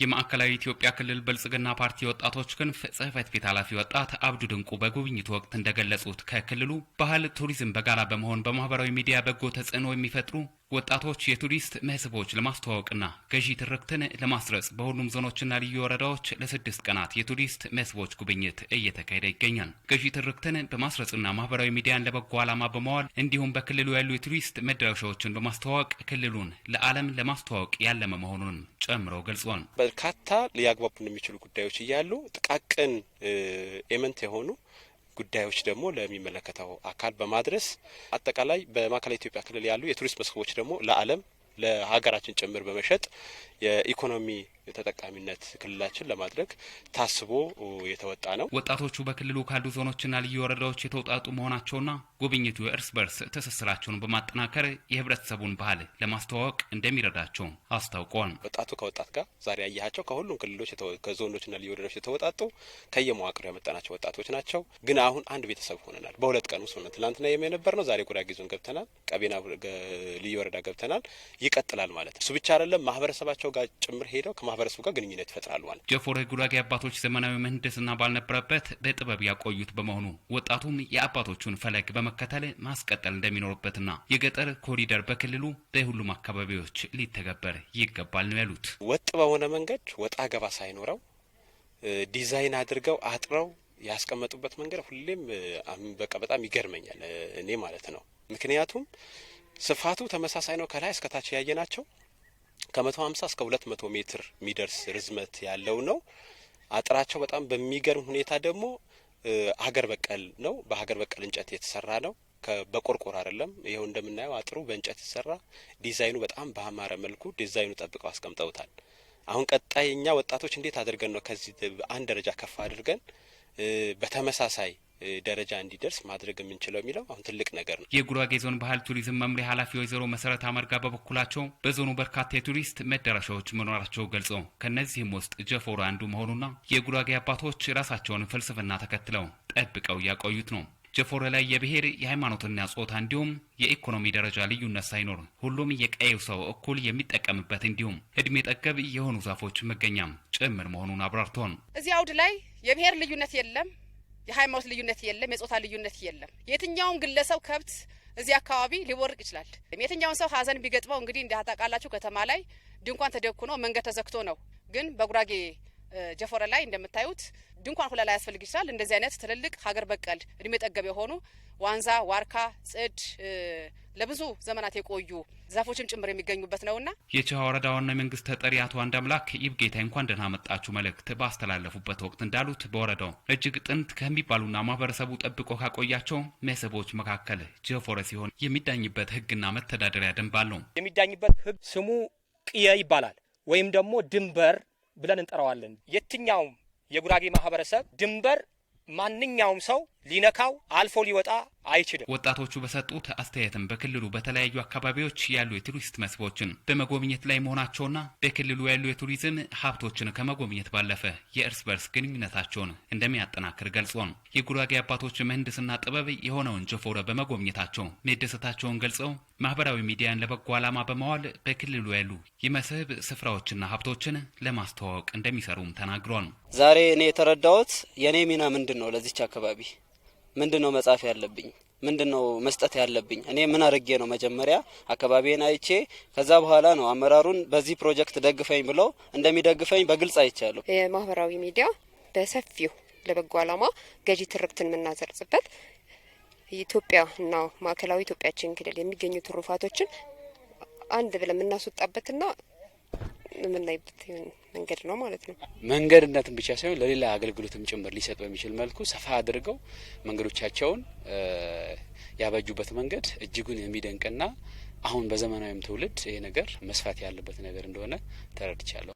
የማዕከላዊ ኢትዮጵያ ክልል ብልጽግና ፓርቲ ወጣቶች ክንፍ ጽህፈት ቤት ኃላፊ ወጣት አብዱ ድንቁ በጉብኝቱ ወቅት እንደገለጹት ከክልሉ ባህል ቱሪዝም በጋራ በመሆን በማህበራዊ ሚዲያ በጎ ተጽዕኖ የሚፈጥሩ ወጣቶች የቱሪስት መስህቦች ለማስተዋወቅና ገዢ ትርክትን ለማስረጽ በሁሉም ዞኖችና ልዩ ወረዳዎች ለስድስት ቀናት የቱሪስት መስህቦች ጉብኝት እየተካሄደ ይገኛል። ገዢ ትርክትን በማስረጽና ማህበራዊ ሚዲያን ለበጎ ዓላማ በመዋል እንዲሁም በክልሉ ያሉ የቱሪስት መዳረሻዎችን በማስተዋወቅ ክልሉን ለዓለም ለማስተዋወቅ ያለመ መሆኑን ጨምሮ ገልጿል። በርካታ ሊያግባቡን የሚችሉ ጉዳዮች እያሉ ጥቃቅን ኤመንት የሆኑ ጉዳዮች ደግሞ ለሚመለከተው አካል በማድረስ አጠቃላይ በማዕከላዊ ኢትዮጵያ ክልል ያሉ የቱሪስት መስህቦች ደግሞ ለዓለም ለሀገራችን ጭምር በመሸጥ የኢኮኖሚ ተጠቃሚነት ክልላችን ለማድረግ ታስቦ የተወጣ ነው። ወጣቶቹ በክልሉ ካሉ ዞኖችና ልዩ ወረዳዎች የተውጣጡ መሆናቸውና ጉብኝቱ የእርስ በርስ ትስስራቸውን በማጠናከር የህብረተሰቡን ባህል ለማስተዋወቅ እንደሚረዳቸው አስታውቀዋል። ወጣቱ ከወጣት ጋር ዛሬ ያያቸው ከሁሉም ክልሎች ከዞኖችና ልዩ ወረዳዎች የተወጣጡ ከየመዋቅሩ ያመጣናቸው ወጣቶች ናቸው። ግን አሁን አንድ ቤተሰብ ሆነናል። በሁለት ቀን ውስጥ ሆነ ትናንትና የነበር ነው። ዛሬ ጉራጌ ዞን ገብተናል። ቀቤና ልዩ ወረዳ ገብተናል። ይቀጥላል ማለት ነው። እሱ ብቻ አይደለም። ማህበረሰባቸው ጋር ጭምር ሄደው ማህበረሰቡ ጋር ግንኙነት ይፈጥራሉ ማለት ነው። ጀፎር ጉራጌ አባቶች ዘመናዊ ምህንድስና ባልነበረበት በጥበብ ያቆዩት በመሆኑ ወጣቱም የአባቶቹን ፈለግ በመከተል ማስቀጠል እንደሚኖርበትና የገጠር ኮሪደር በክልሉ በሁሉም አካባቢዎች ሊተገበር ይገባል ነው ያሉት። ወጥ በሆነ መንገድ ወጣ ገባ ሳይኖረው ዲዛይን አድርገው አጥረው ያስቀመጡበት መንገድ ሁሌም በቃ በጣም ይገርመኛል እኔ ማለት ነው። ምክንያቱም ስፋቱ ተመሳሳይ ነው። ከላይ እስከታች ያየ ናቸው። ከመቶ ሀምሳ እስከ መቶ ሜትር የሚደርስ ርዝመት ያለው ነው። አጥራቸው በጣም በሚገርም ሁኔታ ደግሞ ሀገር በቀል ነው። በሀገር በቀል እንጨት የተሰራ ነው። በቆርቆር አይደለም። ይኸው እንደምናየው አጥሩ በእንጨት የተሰራ ዲዛይኑ በጣም በአማረ መልኩ ዲዛይኑ ጠብቀው አስቀምጠውታል። አሁን ቀጣይ እኛ ወጣቶች እንዴት አድርገን ነው ከዚህ አንድ ደረጃ ከፍ አድርገን በተመሳሳይ ደረጃ እንዲደርስ ማድረግ የምንችለው የሚለው አሁን ትልቅ ነገር ነው። የጉራጌ ዞን ባህል ቱሪዝም መምሪያ ኃላፊ ወይዘሮ መሰረት አመርጋ በበኩላቸው በዞኑ በርካታ የቱሪስት መዳረሻዎች መኖራቸው ገልጸው ከእነዚህም ውስጥ ጀፎሮ አንዱ መሆኑና የጉራጌ አባቶች ራሳቸውን ፍልስፍና ተከትለው ጠብቀው እያቆዩት ነው። ጀፎሮ ላይ የብሔር የሃይማኖትና ጾታ እንዲሁም የኢኮኖሚ ደረጃ ልዩነት ሳይኖር ሁሉም የቀየው ሰው እኩል የሚጠቀምበት እንዲሁም እድሜ ጠገብ የሆኑ ዛፎች መገኛም ጭምር መሆኑን አብራርቶን እዚህ አውድ ላይ የብሔር ልዩነት የለም የሃይማኖት ልዩነት የለም፣ የጾታ ልዩነት የለም። የትኛውን ግለሰብ ከብት እዚህ አካባቢ ሊቦርቅ ይችላል። የትኛውን ሰው ሀዘን ቢገጥመው እንግዲህ እንዳታውቃላችሁ ከተማ ላይ ድንኳን ተደኩኖ መንገድ ተዘግቶ ነው። ግን በጉራጌ ጀፎረ ላይ እንደምታዩት ድንኳን ሁላ ላይ ያስፈልግ ይችላል። እንደዚህ አይነት ትልልቅ ሀገር በቀል እድሜ ጠገብ የሆኑ ዋንዛ፣ ዋርካ፣ ጽድ ለብዙ ዘመናት የቆዩ ዛፎችም ጭምር የሚገኙበት ነውና የቸሃ ወረዳ ዋና የመንግስት ተጠሪ አቶ አንድ አምላክ ይብጌታ እንኳን ደህና መጣችሁ መልእክት ባስተላለፉበት ወቅት እንዳሉት በወረዳው እጅግ ጥንት ከሚባሉና ማህበረሰቡ ጠብቆ ካቆያቸው መስህቦች መካከል ጀፎረ ሲሆን የሚዳኝበት ህግና መተዳደሪያ ደንብ አለው። የሚዳኝበት ህግ ስሙ ቅየ ይባላል ወይም ደግሞ ድንበር ብለን እንጠራዋለን። የትኛውም የጉራጌ ማህበረሰብ ድንበር ማንኛውም ሰው ሊነካው አልፎ ሊወጣ አይችልም። ወጣቶቹ በሰጡት አስተያየትም በክልሉ በተለያዩ አካባቢዎች ያሉ የቱሪስት መስህቦችን በመጎብኘት ላይ መሆናቸውና በክልሉ ያሉ የቱሪዝም ሀብቶችን ከመጎብኘት ባለፈ የእርስ በርስ ግንኙነታቸውን እንደሚያጠናክር ገልጿል። የጉራጌ አባቶች ምህንድስና ጥበብ የሆነውን ጀፎረ በመጎብኘታቸው መደሰታቸውን ገልጸው ማህበራዊ ሚዲያን ለበጎ ዓላማ በማዋል በክልሉ ያሉ የመስህብ ስፍራዎችና ሀብቶችን ለማስተዋወቅ እንደሚሰሩም ተናግሯል። ዛሬ እኔ የተረዳሁት የእኔ ሚና ምንድን ነው ለዚች አካባቢ ምንድን ነው መጻፍ ያለብኝ? ምንድን ነው መስጠት ያለብኝ? እኔ ምን አድርጌ ነው መጀመሪያ አካባቢን አይቼ ከዛ በኋላ ነው አመራሩን በዚህ ፕሮጀክት ደግፈኝ ብለው እንደሚደግፈኝ በግልጽ አይቻለሁ። የማህበራዊ ሚዲያ በሰፊው ለበጎ ዓላማ ገዢ ትርክትን የምናሰርጽበት ኢትዮጵያ እና ማዕከላዊ ኢትዮጵያችን ክልል የሚገኙ ትሩፋቶችን አንድ ብለን የምናስወጣበትና የምናይበት መንገድ ነው ማለት ነው። መንገድነትን ብቻ ሳይሆን ለሌላ አገልግሎትም ጭምር ሊሰጥ በሚችል መልኩ ሰፋ አድርገው መንገዶቻቸውን ያበጁበት መንገድ እጅጉን የሚደንቅና አሁን በዘመናዊም ትውልድ ይሄ ነገር መስፋት ያለበት ነገር እንደሆነ ተረድቻለሁ።